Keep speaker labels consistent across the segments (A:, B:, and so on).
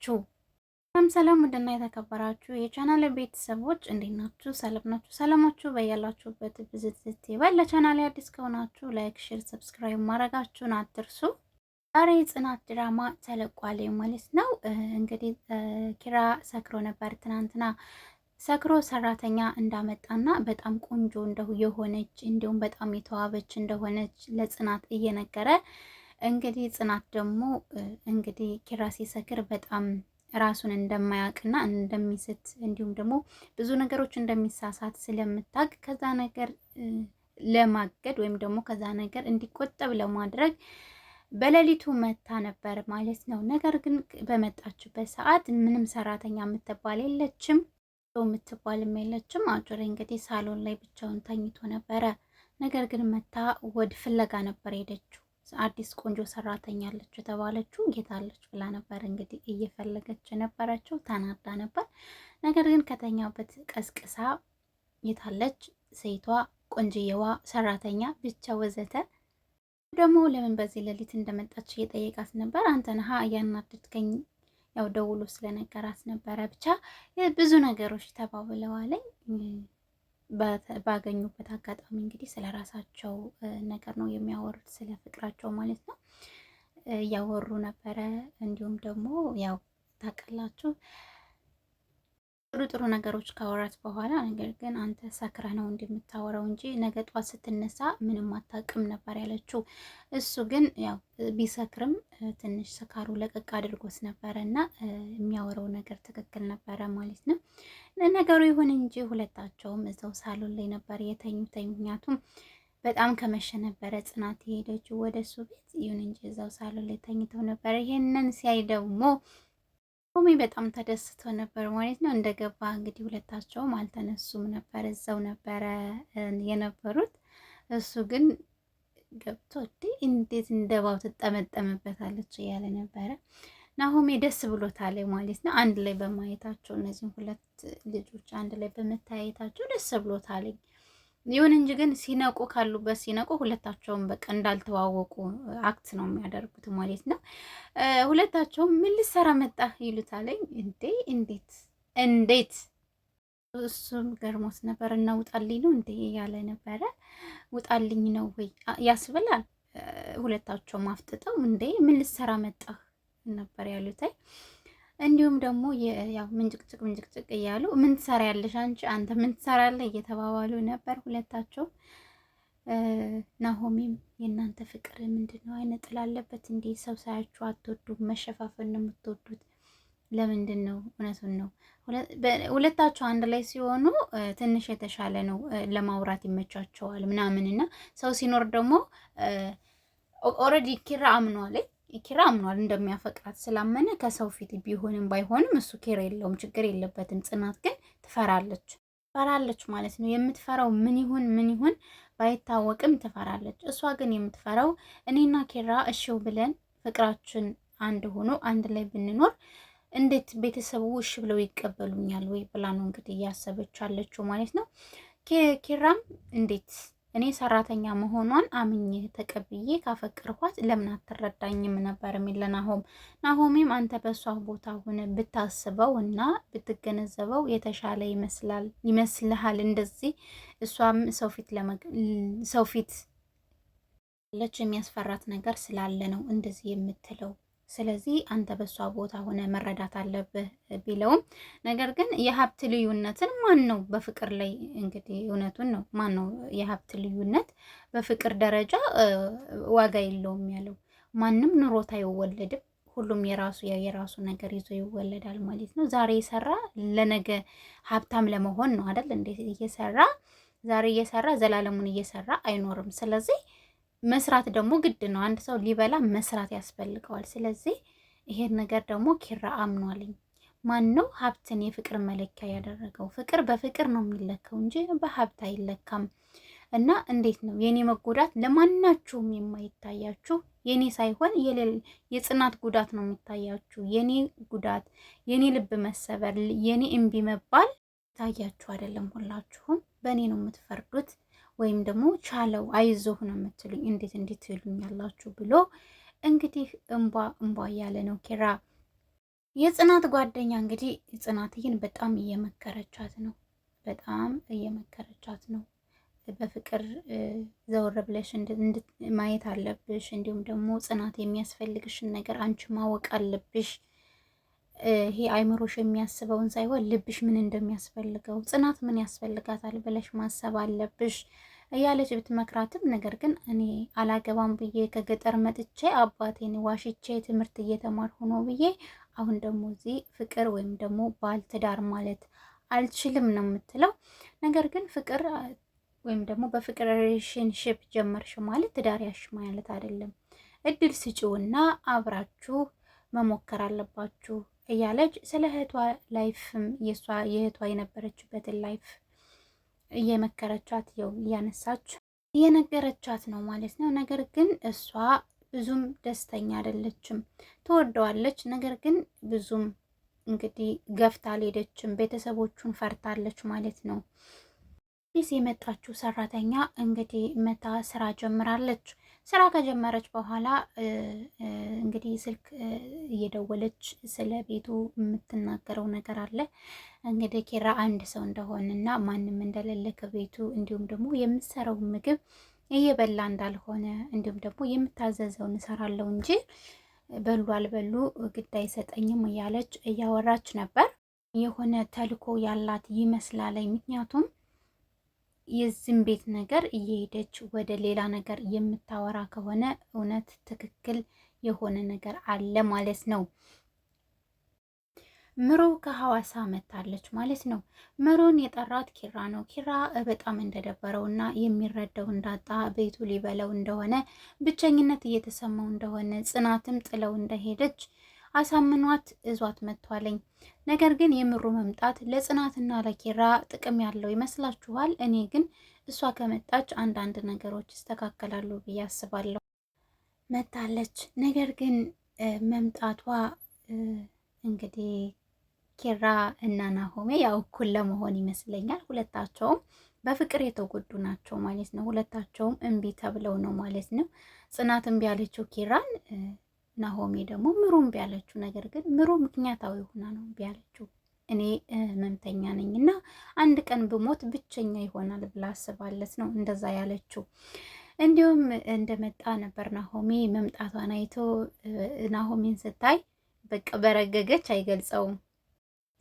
A: ናችሁ? ሰላም ሰላም፣ ውድና የተከበራችሁ የቻናል ቤተሰቦች እንዴት ናችሁ? ሰላም ናችሁ? ሰላማችሁ በያላችሁበት ብዝትዝት ይበል። ለቻናል አዲስ ከሆናችሁ ላይክ፣ ሼር፣ ሰብስክራይብ ማድረጋችሁን አትርሱ። ዛሬ ጽናት ድራማ ተለቋል ማለት ነው። እንግዲህ ኪራ ሰክሮ ነበር ትናንትና ሰክሮ ሰራተኛ እንዳመጣና በጣም ቆንጆ እንደሆነች እንዲሁም በጣም የተዋበች እንደሆነች ለጽናት እየነገረ እንግዲህ ጽናት ደግሞ እንግዲህ ኪራ ሲሰክር በጣም ራሱን እንደማያውቅና እንደሚስት እንዲሁም ደግሞ ብዙ ነገሮች እንደሚሳሳት ስለምታውቅ ከዛ ነገር ለማገድ ወይም ደግሞ ከዛ ነገር እንዲቆጠብ ለማድረግ በሌሊቱ መታ ነበር ማለት ነው። ነገር ግን በመጣችበት ሰዓት ምንም ሰራተኛ የምትባል የለችም፣ የምትባልም የለችም። አጩሬ እንግዲህ ሳሎን ላይ ብቻውን ተኝቶ ነበረ። ነገር ግን መታ ወደ ፍለጋ ነበር ሄደችው አዲስ ቆንጆ ሰራተኛ አለች የተባለችው ጌታለች ብላ ነበር እንግዲህ እየፈለገች የነበረችው ተናዳ ነበር። ነገር ግን ከተኛበት ቀስቅሳ ጌታለች ሴቷ ቆንጅየዋ ሰራተኛ ብቻ ወዘተ ደግሞ ለምን በዚህ ሌሊት እንደመጣች እየጠየቃት ነበር። አንተ ነሃ እያናደድከኝ ያው ደውሎ ስለነገራት ነበረ። ብቻ ብዙ ነገሮች ተባብለዋለኝ። ባገኙበት አጋጣሚ እንግዲህ ስለ ራሳቸው ነገር ነው የሚያወሩት፣ ስለ ፍቅራቸው ማለት ነው እያወሩ ነበረ። እንዲሁም ደግሞ ያው ታውቃላችሁ ጥሩ ጥሩ ነገሮች ካወራት በኋላ ነገር ግን አንተ ሰክረህ ነው እንደምታወራው እንጂ ነገ ጧት ስትነሳ ምንም አታውቅም ነበር ያለችው። እሱ ግን ያው ቢሰክርም ትንሽ ስካሩ ለቀቅ አድርጎት ነበረ እና የሚያወራው ነገር ትክክል ነበረ ማለት ነው ነገሩ። ይሁን እንጂ ሁለታቸውም እዛው ሳሎን ላይ ነበር የተኙት። ምክንያቱም በጣም ከመሸ ነበረ ጽናት የሄደችው ወደ እሱ ቤት። ይሁን እንጂ እዛው ሳሎን ላይ ተኝተው ነበረ። ይሄንን ሲያይ ደግሞ ሆሜ በጣም ተደስቶ ነበር ማለት ነው። እንደገባ እንግዲህ ሁለታቸውም አልተነሱም ነበር፣ እዛው ነበረ የነበሩት። እሱ ግን ገብቶ እንዴት እንደባው ትጠመጠምበታለች እያለ ነበረ። ናሆሜ ደስ ብሎታል ማለት ነው። አንድ ላይ በማየታቸው እነዚህም ሁለት ልጆች አንድ ላይ በመታየታቸው ደስ ብሎታል። ይሁን እንጂ ግን ሲነቁ ካሉበት ሲነቁ ሁለታቸውም በቃ እንዳልተዋወቁ አክት ነው የሚያደርጉት ማለት ነው። ሁለታቸውም ምን ልትሰራ መጣ ይሉታለኝ። እንዴ እንዴት እንዴት እሱም ገርሞት ነበር እና ውጣልኝ ነው እንዴ ያለ ነበረ። ውጣልኝ ነው ወይ ያስብላል። ሁለታቸውም አፍጥጠው እንዴ ምን ልትሰራ መጣ ነበር ያሉታይ እንዲሁም ደግሞ ያው ምንጭቅጭቅ ምንጭቅጭቅ እያሉ ምን ትሰሪያለሽ አንቺ አንተ ምን ትሰራለህ እየተባባሉ ነበር ሁለታቸው። ናሆሚም የእናንተ ፍቅር ምንድን ነው አይነ ጥላለበት አለበት እንዴ? ሰው ሳያችሁ አትወዱም? መሸፋፈን ነው የምትወዱት ለምንድን ነው? እውነቱን ነው። ሁለታቸው አንድ ላይ ሲሆኑ ትንሽ የተሻለ ነው፣ ለማውራት ይመቻቸዋል ምናምን እና ሰው ሲኖር ደግሞ ኦልሬዲ ኪራ አምኗል ኪራ አምኗል እንደሚያፈቅራት ስላመነ ከሰው ፊት ቢሆንም ባይሆንም እሱ ኬር የለውም፣ ችግር የለበትም። ጽናት ግን ትፈራለች፣ ትፈራለች ማለት ነው። የምትፈራው ምን ይሁን ምን ይሁን ባይታወቅም ትፈራለች። እሷ ግን የምትፈራው እኔና ኬራ እሺው ብለን ፍቅራችን አንድ ሆኖ አንድ ላይ ብንኖር እንዴት ቤተሰቡ እሺ ብለው ይቀበሉኛል ወይ ብላ ነው እንግዲህ እያሰበች አለችው ማለት ነው። ኪራም እንዴት እኔ ሰራተኛ መሆኗን አምኜ ተቀብዬ ካፈቅርኳት ለምን አትረዳኝም ነበር የሚል ናሆም። ናሆሜም አንተ በእሷ ቦታ ሁነ ብታስበው እና ብትገነዘበው የተሻለ ይመስላል ይመስልሃል? እንደዚህ እሷም ሰው ፊት ሰው ፊት ለች የሚያስፈራት ነገር ስላለ ነው እንደዚህ የምትለው ስለዚህ አንተ በሷ ቦታ ሆነ መረዳት አለብህ ቢለውም ነገር ግን የሀብት ልዩነትን ማን ነው በፍቅር ላይ እንግዲህ እውነቱን ነው ማን ነው የሀብት ልዩነት በፍቅር ደረጃ ዋጋ የለውም ያለው ማንም ኑሮት አይወለድም ሁሉም የራሱ የራሱ ነገር ይዞ ይወለዳል ማለት ነው ዛሬ የሰራ ለነገ ሀብታም ለመሆን ነው አደል? እንዴት እየሰራ ዛሬ እየሰራ ዘላለሙን እየሰራ አይኖርም ስለዚህ መስራት ደግሞ ግድ ነው። አንድ ሰው ሊበላ መስራት ያስፈልገዋል። ስለዚህ ይሄን ነገር ደግሞ ኪራ አምኗልኝ። ማን ነው ሀብትን የፍቅር መለኪያ ያደረገው? ፍቅር በፍቅር ነው የሚለካው እንጂ በሀብት አይለካም። እና እንዴት ነው የኔ መጎዳት ለማናችሁም የማይታያችሁ? የኔ ሳይሆን የጽናት ጉዳት ነው የሚታያችሁ። የኔ ጉዳት፣ የኔ ልብ መሰበር፣ የኔ እምቢ መባል ታያችሁ አይደለም? ሁላችሁም በእኔ ነው የምትፈርዱት። ወይም ደግሞ ቻለው አይዞህ ነው የምትሉኝ እንዴት እንዴት ትሉኛላችሁ ብሎ እንግዲህ እንቧ እንቧ እያለ ነው ኪራ። የጽናት ጓደኛ እንግዲህ ጽናትዬን በጣም እየመከረቻት ነው፣ በጣም እየመከረቻት ነው። በፍቅር ዘወር ብለሽ ማየት አለብሽ፣ እንዲሁም ደግሞ ጽናት የሚያስፈልግሽን ነገር አንቺ ማወቅ አለብሽ ይሄ አይምሮሽ የሚያስበውን ሳይሆን ልብሽ ምን እንደሚያስፈልገው ጽናት ምን ያስፈልጋታል ብለሽ ማሰብ አለብሽ እያለች ብትመክራትም፣ ነገር ግን እኔ አላገባም ብዬ ከገጠር መጥቼ አባቴን ዋሽቼ ትምህርት እየተማርኩ ነው ብዬ አሁን ደግሞ እዚህ ፍቅር ወይም ደግሞ ባል ትዳር ማለት አልችልም ነው የምትለው። ነገር ግን ፍቅር ወይም ደግሞ በፍቅር ሪሌሽንሽፕ ጀመርሽ ማለት ትዳር ያሽ ማለት አይደለም። እድል ስጪውና አብራችሁ መሞከር አለባችሁ። እያለች ስለ እህቷ ላይፍም የእሷ የእህቷ የነበረችበትን ላይፍ እየመከረቻት ው እያነሳች እየነገረቻት ነው ማለት ነው። ነገር ግን እሷ ብዙም ደስተኛ አይደለችም። ትወደዋለች፣ ነገር ግን ብዙም እንግዲህ ገፍታ አልሄደችም። ቤተሰቦቹን ፈርታለች ማለት ነው። አዲስ የመጣችው ሰራተኛ እንግዲህ መታ ስራ ጀምራለች። ስራ ከጀመረች በኋላ እንግዲህ ስልክ እየደወለች ስለ ቤቱ የምትናገረው ነገር አለ። እንግዲህ ኪራ አንድ ሰው እና ማንም እንደሌለ ከቤቱ እንዲሁም ደግሞ የምትሰራው ምግብ እየበላ እንዳልሆነ እንዲሁም ደግሞ የምታዘዘውን እሰራለሁ እንጂ በሉ አልበሉ ግድ አይሰጠኝም እያለች እያወራች ነበር። የሆነ ተልኮ ያላት ይመስላለኝ ምክንያቱም የዚህም ቤት ነገር እየሄደች ወደ ሌላ ነገር የምታወራ ከሆነ እውነት ትክክል የሆነ ነገር አለ ማለት ነው። ምሮ ከሐዋሳ መታለች ማለት ነው። ምሮን የጠራት ኪራ ነው። ኪራ በጣም እንደደበረው እና የሚረዳው እንዳጣ ቤቱ ሊበለው እንደሆነ ብቸኝነት እየተሰማው እንደሆነ ጽናትም ጥለው እንደሄደች አሳምኗት እዟት መጥቷለኝ። ነገር ግን የምሩ መምጣት ለጽናትና ለኪራ ጥቅም ያለው ይመስላችኋል? እኔ ግን እሷ ከመጣች አንዳንድ ነገሮች ይስተካከላሉ ብዬ አስባለሁ። መጣለች። ነገር ግን መምጣቷ እንግዲህ ኪራ እና ናሆሜ ያው እኩል ለመሆን ይመስለኛል ሁለታቸውም በፍቅር የተጎዱ ናቸው ማለት ነው። ሁለታቸውም እምቢ ተብለው ነው ማለት ነው። ጽናት እምቢ ያለችው ኪራን ናሆሜ ደግሞ ምሩም ቢያለችው፣ ነገር ግን ምሩ ምክንያታዊ ሆና ነው ቢያለችው። እኔ ህመምተኛ ነኝ እና አንድ ቀን ብሞት ብቸኛ ይሆናል ብላ አስባለት ነው እንደዛ ያለችው። እንዲሁም እንደመጣ ነበር ናሆሜ መምጣቷን አይቶ ናሆሜን ስታይ በቃ በረገገች አይገልጸውም።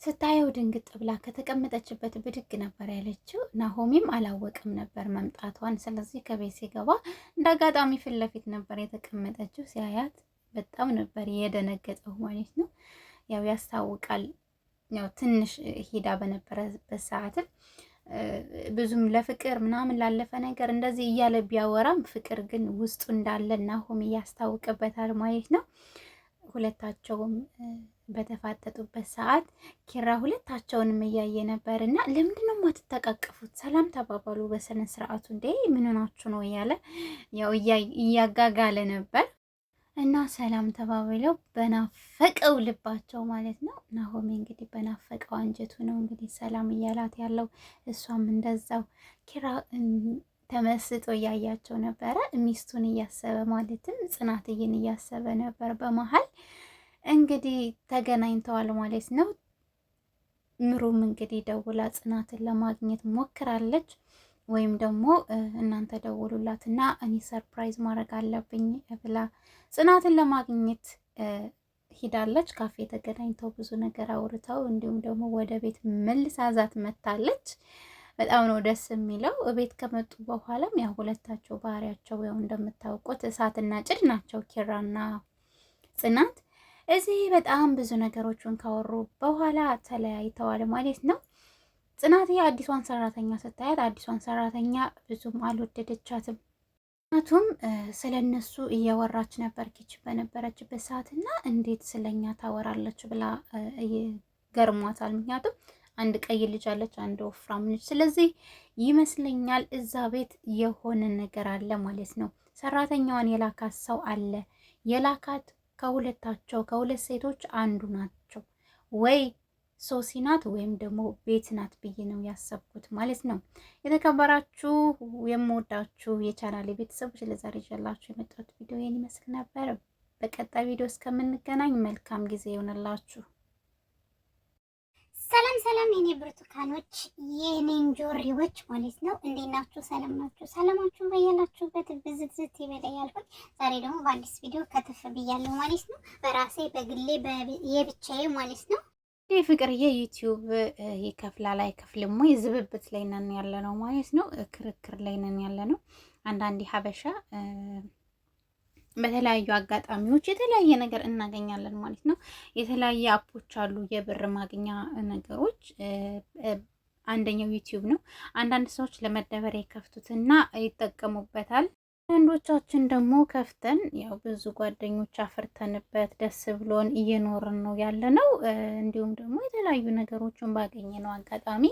A: ስታየው ድንግጥ ብላ ከተቀመጠችበት ብድግ ነበር ያለችው። ናሆሜም አላወቅም ነበር መምጣቷን። ስለዚህ ከቤት ሲገባ እንደ አጋጣሚ ፊት ለፊት ነበር የተቀመጠችው። ሲያያት በጣም ነበር የደነገጠው ማለት ነው። ያው ያስታውቃል። ያው ትንሽ ሄዳ በነበረበት ሰዓትም ብዙም ለፍቅር ምናምን ላለፈ ነገር እንደዚህ እያለ ቢያወራም ፍቅር ግን ውስጡ እንዳለ ናሆም እያስታውቅበታል ማለት ነው። ሁለታቸውም በተፋጠጡበት ሰዓት ኪራ ሁለታቸውንም እያየ ነበር እና ለምንድነው የማትተቃቀፉት? ሰላም ተባባሉ በስነ ስርዓቱ እንዴ ምንናችሁ ነው እያለ ያው እያጋጋለ ነበር። እና ሰላም ተባብለው በናፈቀው ልባቸው ማለት ነው። ናሆሚ እንግዲህ በናፈቀው አንጀቱ ነው እንግዲህ ሰላም እያላት ያለው እሷም እንደዛው ኪራ ተመስጦ እያያቸው ነበረ። ሚስቱን እያሰበ ማለትም ጽናትዬን እያሰበ ነበር። በመሀል እንግዲህ ተገናኝተዋል ማለት ነው። ምሩም እንግዲህ ደውላ ጽናትን ለማግኘት ሞክራለች። ወይም ደግሞ እናንተ ደውሉላት እና እኔ ሰርፕራይዝ ማድረግ አለብኝ ብላ ጽናትን ለማግኘት ሂዳለች። ካፌ ተገናኝተው ብዙ ነገር አውርተው እንዲሁም ደግሞ ወደ ቤት መልሳዛት መታለች። በጣም ነው ደስ የሚለው። ቤት ከመጡ በኋላም ያው ሁለታቸው ባህሪያቸው ያው እንደምታውቁት እሳትና ጭድ ናቸው ኪራና ጽናት። እዚህ በጣም ብዙ ነገሮችን ካወሩ በኋላ ተለያይተዋል ማለት ነው። ጽናት አዲሷን ሰራተኛ ስታያት አዲሷን ሰራተኛ ብዙም አልወደደቻትም። ምክንያቱም ስለ እነሱ እያወራች ነበር ኪች በነበረችበት ሰዓት እና እንዴት ስለኛ ታወራለች ብላ ገርሟታል። ምክንያቱም አንድ ቀይ ልጅ አለች፣ አንድ ወፍራም ልጅ። ስለዚህ ይመስለኛል እዛ ቤት የሆነ ነገር አለ ማለት ነው። ሰራተኛዋን የላካት ሰው አለ። የላካት ከሁለታቸው ከሁለት ሴቶች አንዱ ናቸው ወይ ሶሲ ናት ወይም ደግሞ ቤት ናት ብዬ ነው ያሰብኩት ማለት ነው። የተከበራችሁ የምወዳችሁ የቻናሌ ቤተሰቦች ለዛሬ ይዤላችሁ የመጣሁት ቪዲዮ ይህን ይመስል ነበር። በቀጣይ ቪዲዮ እስከምንገናኝ መልካም ጊዜ ይሆንላችሁ። ሰላም ሰላም፣ የኔ ብርቱካኖች የኔ እንጆሪዎች ማለት ነው። እንዴት ናችሁ? ሰላም ናችሁ? ሰላማችሁን በያላችሁበት ብዝብዝት ይበላ ያልኩኝ። ዛሬ ደግሞ በአዲስ ቪዲዮ ከትፍ ብያለሁ ማለት ነው። በራሴ በግሌ የብቻዬ ማለት ነው። ይህ ፍቅርዬ ዩቲዩብ ይከፍላል አይከፍልም ወይ ዝብብት ላይ ነን ያለ ነው ማለት ነው። ክርክር ላይ ነን ያለ ነው። አንዳንዴ ሀበሻ በተለያዩ አጋጣሚዎች የተለያየ ነገር እናገኛለን ማለት ነው። የተለያየ አፖች አሉ፣ የብር ማግኛ ነገሮች። አንደኛው ዩቲዩብ ነው። አንዳንድ ሰዎች ለመደበሪያ ይከፍቱትና ይጠቀሙበታል። አንዶቻችን ደግሞ ከፍተን ያው ብዙ ጓደኞች አፍርተንበት ደስ ብሎን እየኖርን ነው ያለ ነው። እንዲሁም ደግሞ የተለያዩ ነገሮችን ባገኘነው አጋጣሚ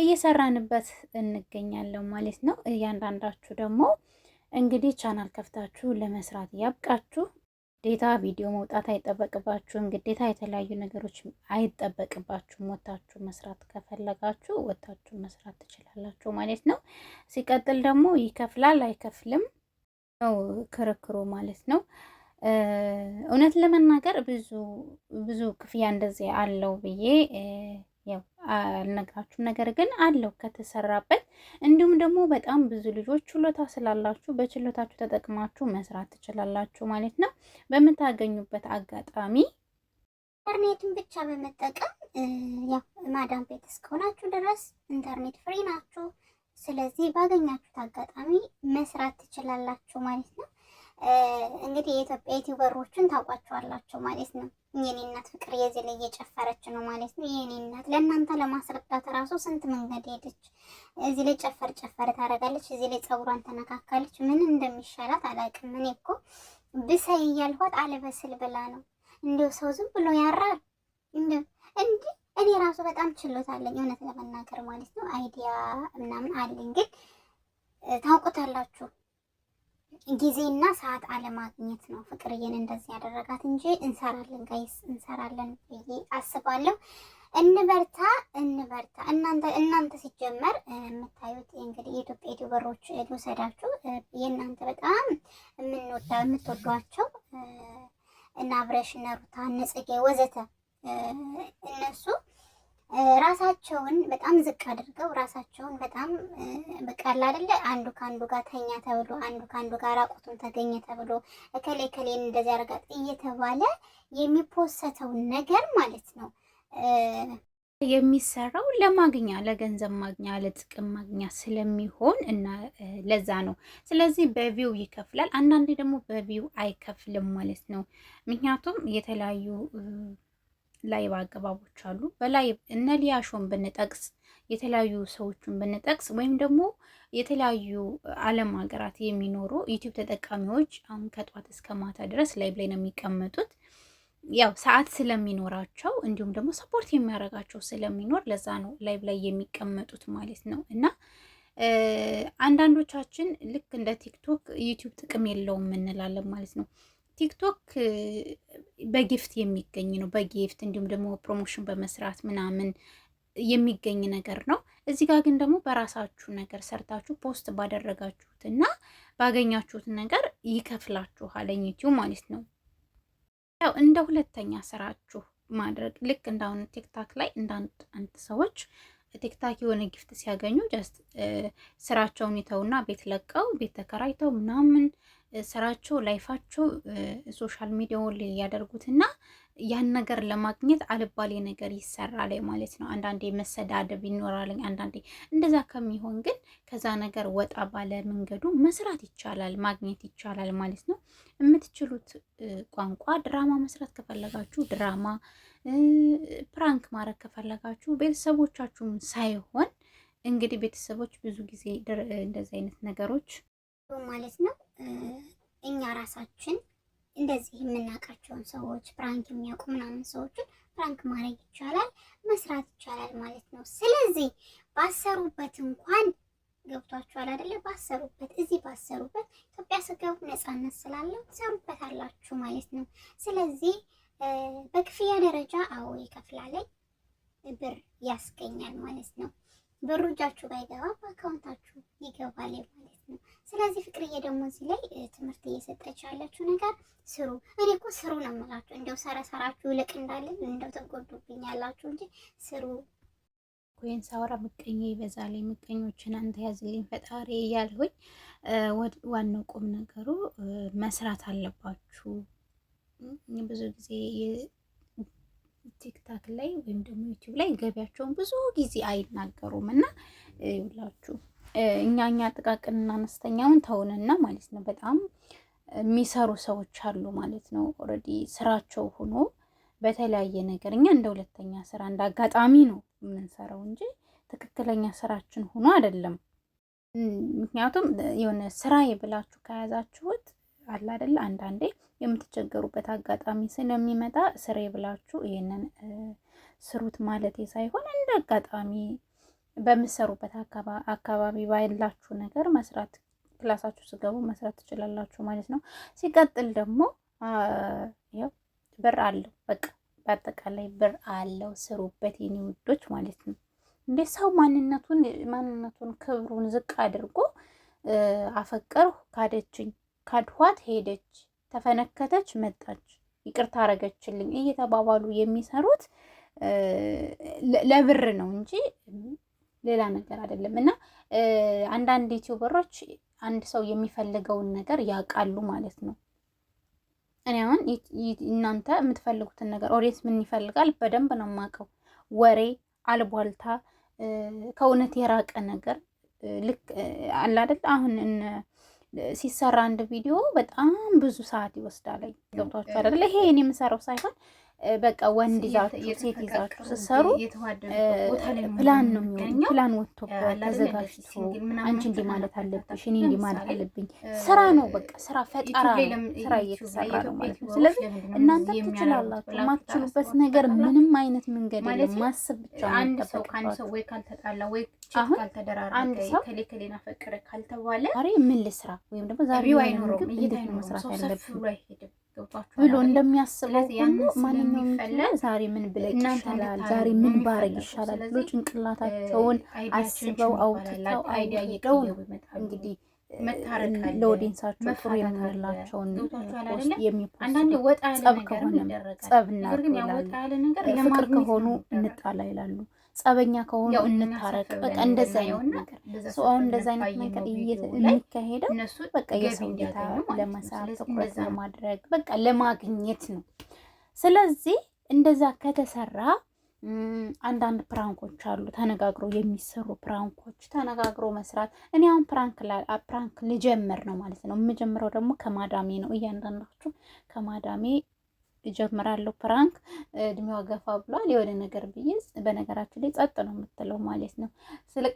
A: እየሰራንበት እንገኛለን ማለት ነው። እያንዳንዳችሁ ደግሞ እንግዲህ ቻናል ከፍታችሁ ለመስራት ያብቃችሁ። ግዴታ ቪዲዮ መውጣት አይጠበቅባችሁም። ግዴታ የተለያዩ ነገሮች አይጠበቅባችሁም። ወታችሁ መስራት ከፈለጋችሁ ወታችሁ መስራት ትችላላችሁ ማለት ነው። ሲቀጥል ደግሞ ይከፍላል አይከፍልም ነው ክርክሩ ማለት ነው። እውነት ለመናገር ብዙ ብዙ ክፍያ እንደዚህ አለው ብዬ ያው አልነግራችሁም። ነገር ግን አለው ከተሰራበት። እንዲሁም ደግሞ በጣም ብዙ ልጆች ችሎታ ስላላችሁ በችሎታችሁ ተጠቅማችሁ መስራት ትችላላችሁ ማለት ነው። በምታገኙበት አጋጣሚ ኢንተርኔትን ብቻ በመጠቀም ያው ማዳም ቤት እስከሆናችሁ ድረስ ኢንተርኔት ፍሪ ናችሁ። ስለዚህ ባገኛችሁት አጋጣሚ መስራት ትችላላችሁ ማለት ነው። እንግዲህ የኢትዮጵያ ዩቲዩበሮችን ታውቋቸዋላችሁ ማለት ነው። የኔ እናት ፍቅር የዚህ ላይ እየጨፈረች ነው ማለት ነው። የኔ እናት ለእናንተ ለማስረዳት ራሱ ስንት መንገድ ሄደች። እዚህ ላይ ጨፈር ጨፈር ታደርጋለች፣ እዚህ ላይ ፀጉሯን ተነካካለች። ምን እንደሚሻላት አላውቅም። እኔ እኮ ብሰይ እያልኋት አልበስል ብላ ነው። እንዲሁ ሰው ዝም ብሎ ያራል እንዲህ እኔ ራሱ በጣም ችሎታለኝ እውነት ለመናገር ማለት ነው። አይዲያ ምናምን አለኝ፣ ግን ታውቁታላችሁ ጊዜና ሰዓት አለማግኘት ነው ፍቅርዬን እንደዚህ ያደረጋት እንጂ እንሰራለን ጋይስ እንሰራለን ብዬ አስባለሁ። እንበርታ እንበርታ። እናንተ እናንተ ሲጀመር የምታዩት እንግዲህ የኢትዮጵያ ዩቲዩበሮች ልውሰዳችሁ። የእናንተ በጣም የምንወዳ የምትወዷቸው እና አብረሽ እነ ሩታ እነ ጽጌ ወዘተ እነሱ ራሳቸውን በጣም ዝቅ አድርገው ራሳቸውን በጣም በቃል አይደለ አንዱ ከአንዱ ጋር ተኛ ተብሎ አንዱ ከአንዱ ጋር ራቁቱን ተገኘ ተብሎ እከሌ እከሌን እንደዚህ አደርጋት እየተባለ የሚፖሰተው ነገር ማለት ነው የሚሰራው ለማግኛ ለገንዘብ ማግኛ ለጥቅም ማግኛ ስለሚሆን እና ለዛ ነው። ስለዚህ በቪው ይከፍላል፣ አንዳንዴ ደግሞ በቪው አይከፍልም ማለት ነው። ምክንያቱም የተለያዩ ላይቭ አገባቦች አሉ። በላይቭ እነ ሊያሾን ብንጠቅስ የተለያዩ ሰዎችን ብንጠቅስ ወይም ደግሞ የተለያዩ ዓለም ሀገራት የሚኖሩ ዩቲዩብ ተጠቃሚዎች አሁን ከጧት እስከ ማታ ድረስ ላይቭ ላይ ነው የሚቀመጡት። ያው ሰዓት ስለሚኖራቸው እንዲሁም ደግሞ ሰፖርት የሚያደርጋቸው ስለሚኖር ለዛ ነው ላይቭ ላይ የሚቀመጡት ማለት ነው እና አንዳንዶቻችን ልክ እንደ ቲክቶክ ዩቲዩብ ጥቅም የለውም እንላለን ማለት ነው። ቲክቶክ በጊፍት የሚገኝ ነው። በጊፍት እንዲሁም ደግሞ ፕሮሞሽን በመስራት ምናምን የሚገኝ ነገር ነው። እዚህ ጋር ግን ደግሞ በራሳችሁ ነገር ሰርታችሁ ፖስት ባደረጋችሁትና ባገኛችሁት ነገር ይከፍላችኋል ዩቲዩብ ማለት ነው። ያው እንደ ሁለተኛ ስራችሁ ማድረግ ልክ እንዳሁን ቲክታክ ላይ እንዳንድ አንድ ሰዎች ቲክታክ የሆነ ጊፍት ሲያገኙ ጀስት ስራቸውን ይተውና ቤት ለቀው ቤት ተከራይተው ምናምን ስራቸው ላይፋቸው ሶሻል ሚዲያው ላይ ያደርጉትና ያን ነገር ለማግኘት አልባሌ ነገር ይሰራል ማለት ነው። አንዳንዴ መሰዳደብ ይኖራል። አንዳንዴ እንደዛ ከሚሆን ግን ከዛ ነገር ወጣ ባለ መንገዱ መስራት ይቻላል፣ ማግኘት ይቻላል ማለት ነው። የምትችሉት ቋንቋ ድራማ መስራት ከፈለጋችሁ ድራማ፣ ፕራንክ ማድረግ ከፈለጋችሁ ቤተሰቦቻችሁም ሳይሆን እንግዲህ ቤተሰቦች ብዙ ጊዜ እንደዚህ አይነት ነገሮች ማለት ነው እኛ ራሳችን እንደዚህ የምናውቃቸውን ሰዎች ፕራንክ የሚያውቁ ምናምን ሰዎችን ፕራንክ ማድረግ ይቻላል፣ መስራት ይቻላል ማለት ነው። ስለዚህ ባሰሩበት እንኳን ገብቷችኋል አይደለ? ባሰሩበት እዚህ ባሰሩበት ኢትዮጵያ ስገቡ ነፃነት ስላለው ሰሩበት አላችሁ ማለት ነው። ስለዚህ በክፍያ ደረጃ አዎ ይከፍላለኝ ብር ያስገኛል ማለት ነው። ብሩ እጃችሁ ባይገባም አካውንታችሁ ይገባል ማለት ነው። ስለዚህ ፍቅርዬ ደግሞ እዚህ ላይ ትምህርት እየሰጠች ያለችው ነገር ስሩ። እኔ እኮ ስሩ ነው የምላችሁ። እንደው ሰረሰራችሁ ልቅ እንዳለን እንደው ተጎዱብኝ ያላችሁ እንጂ ስሩ። ወይን ሳውራ ምቀኛ ይበዛል። ምቀኞችን አንተ ያዝልኝ ፈጣሪ እያልሁኝ፣ ዋናው ቁም ነገሩ መስራት አለባችሁ ብዙ ጊዜ ቲክታክ ላይ ወይም ደግሞ ዩቲዩብ ላይ ገቢያቸውን ብዙ ጊዜ አይናገሩም እና ይውላችሁ እኛ እኛ ጥቃቅንና አነስተኛውን ተውንና ማለት ነው በጣም የሚሰሩ ሰዎች አሉ ማለት ነው። ኦልሬዲ ስራቸው ሆኖ በተለያየ ነገር እኛ እንደ ሁለተኛ ስራ እንደ አጋጣሚ ነው የምንሰራው እንጂ ትክክለኛ ስራችን ሆኖ አይደለም። ምክንያቱም የሆነ ስራ ብላችሁ ከያዛችሁት አለ አይደለ? አንዳንዴ የምትቸገሩበት አጋጣሚ ስለሚመጣ ስሬ ብላችሁ ይህንን ስሩት ማለት ሳይሆን እንደ አጋጣሚ በምትሰሩበት አካባቢ ባላችሁ ነገር መስራት ክላሳችሁ ስገቡ መስራት ትችላላችሁ ማለት ነው። ሲቀጥል ደግሞ ያው ብር አለው በቃ በአጠቃላይ ብር አለው። ስሩበት የኔ ውዶች ማለት ነው። እንደ ሰው ማንነቱን ማንነቱን ክብሩን ዝቅ አድርጎ አፈቀርሁ ካደችኝ ካድኋት ሄደች፣ ተፈነከተች፣ መጣች፣ ይቅርታ አረገችልኝ እየተባባሉ የሚሰሩት ለብር ነው እንጂ ሌላ ነገር አይደለም። እና አንዳንድ ዩቲዩበሮች አንድ ሰው የሚፈልገውን ነገር ያውቃሉ ማለት ነው። እኔ አሁን እናንተ የምትፈልጉትን ነገር ኦዲየንስ ምን ይፈልጋል በደንብ ነው የማውቀው። ወሬ፣ አልቧልታ፣ ከእውነት የራቀ ነገር ልክ አለ አይደል? አሁን ሲሰራ አንድ ቪዲዮ በጣም ብዙ ሰዓት ይወስዳል። ገብቷችሁ አይደለ? ይሄ እኔ የምሰራው ሳይሆን በቃ ወንድ ይዛችሁ ሴት ይዛችሁ ስትሰሩ ፕላን ነው የሚሆን። ፕላን ወጥቶበት ተዘጋጅቶ አንቺ እንዲህ ማለት አለብሽ፣ እኔ እንዲህ ማለት አለብኝ። ስራ ነው በቃ ስራ ፈጠራ ስራ እየተሰራ ነው ማለት ነው። ስለዚህ እናንተ ትችላላችሁ። የማትችሉበት ነገር ምንም አይነት መንገድ የለም። ማሰብ ብቻ ነው። አንድ ሰው ወይ ካልተጣላ ወይ ካልተደራረ አንድ ሰው ከሌ ከሌና ፈቅረ ካልተባለ ዛሬ ምን ልስራ ወይም ደግሞ ዛሬ አይኖረውም እየታይ ነው መስራት ያለብኝ ብሎ እንደሚያስበው ሁሉ ማንኛውም ዛሬ ምን ብለቅ ይሻላል፣ ዛሬ ምን ባረግ ይሻላል ብሎ ጭንቅላታቸውን አስበው አውጥተው አይደው እንግዲህ ለኦዲንሳቸው ጥሩ የምንላቸውን የሚፖስት ጸብ ከሆነ ጸብ ፍቅር ከሆኑ እንጣላ ይላሉ፣ ጸበኛ ከሆኑ እንታረቅ፣ በቃ እንደዛ አይነት ነገር ሰው አሁን እንደዛ አይነት ነገር የሚካሄደው በቃ የሰው ጌታ ለመሳብ ትኩረት ለማድረግ በቃ ለማግኘት ነው። ስለዚህ እንደዛ ከተሰራ አንዳንድ ፕራንኮች አሉ፣ ተነጋግሮ የሚሰሩ ፕራንኮች ተነጋግሮ መስራት። እኔ አሁን ፕራንክ ፕራንክ ልጀምር ነው ማለት ነው። የምጀምረው ደግሞ ከማዳሜ ነው። እያንዳንዳችሁ ከማዳሜ እጀምራለሁ ፕራንክ። እድሜዋ ገፋ ብሏል የሆነ ነገር ብዬ፣ በነገራችን ላይ ጸጥ ነው የምትለው ማለት ነው።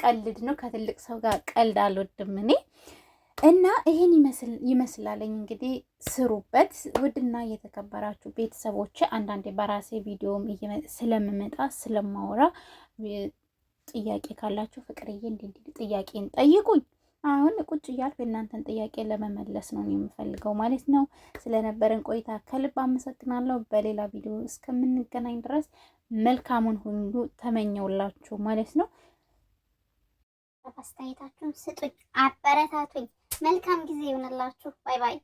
A: ቀልድ ነው። ከትልቅ ሰው ጋር ቀልድ አልወድም እኔ እና ይህን ይመስላለኝ እንግዲህ ስሩበት። ውድና የተከበራችሁ ቤተሰቦች አንዳንዴ በራሴ ቪዲዮም ስለምመጣ ስለማወራ ጥያቄ ካላችሁ ፍቅርዬ እንዲህ ጥያቄን ጠይቁኝ። አሁን ቁጭ እያልኩ የእናንተን ጥያቄ ለመመለስ ነው የምፈልገው ማለት ነው። ስለነበረን ቆይታ ከልብ አመሰግናለሁ። በሌላ ቪዲዮ እስከምንገናኝ ድረስ መልካሙን ሁሉ ተመኘውላችሁ ማለት ነው። አስተያየታችሁን ስጡኝ፣ አበረታቱኝ። መልካም ጊዜ ይሆንላችሁ። ባይ ባይ።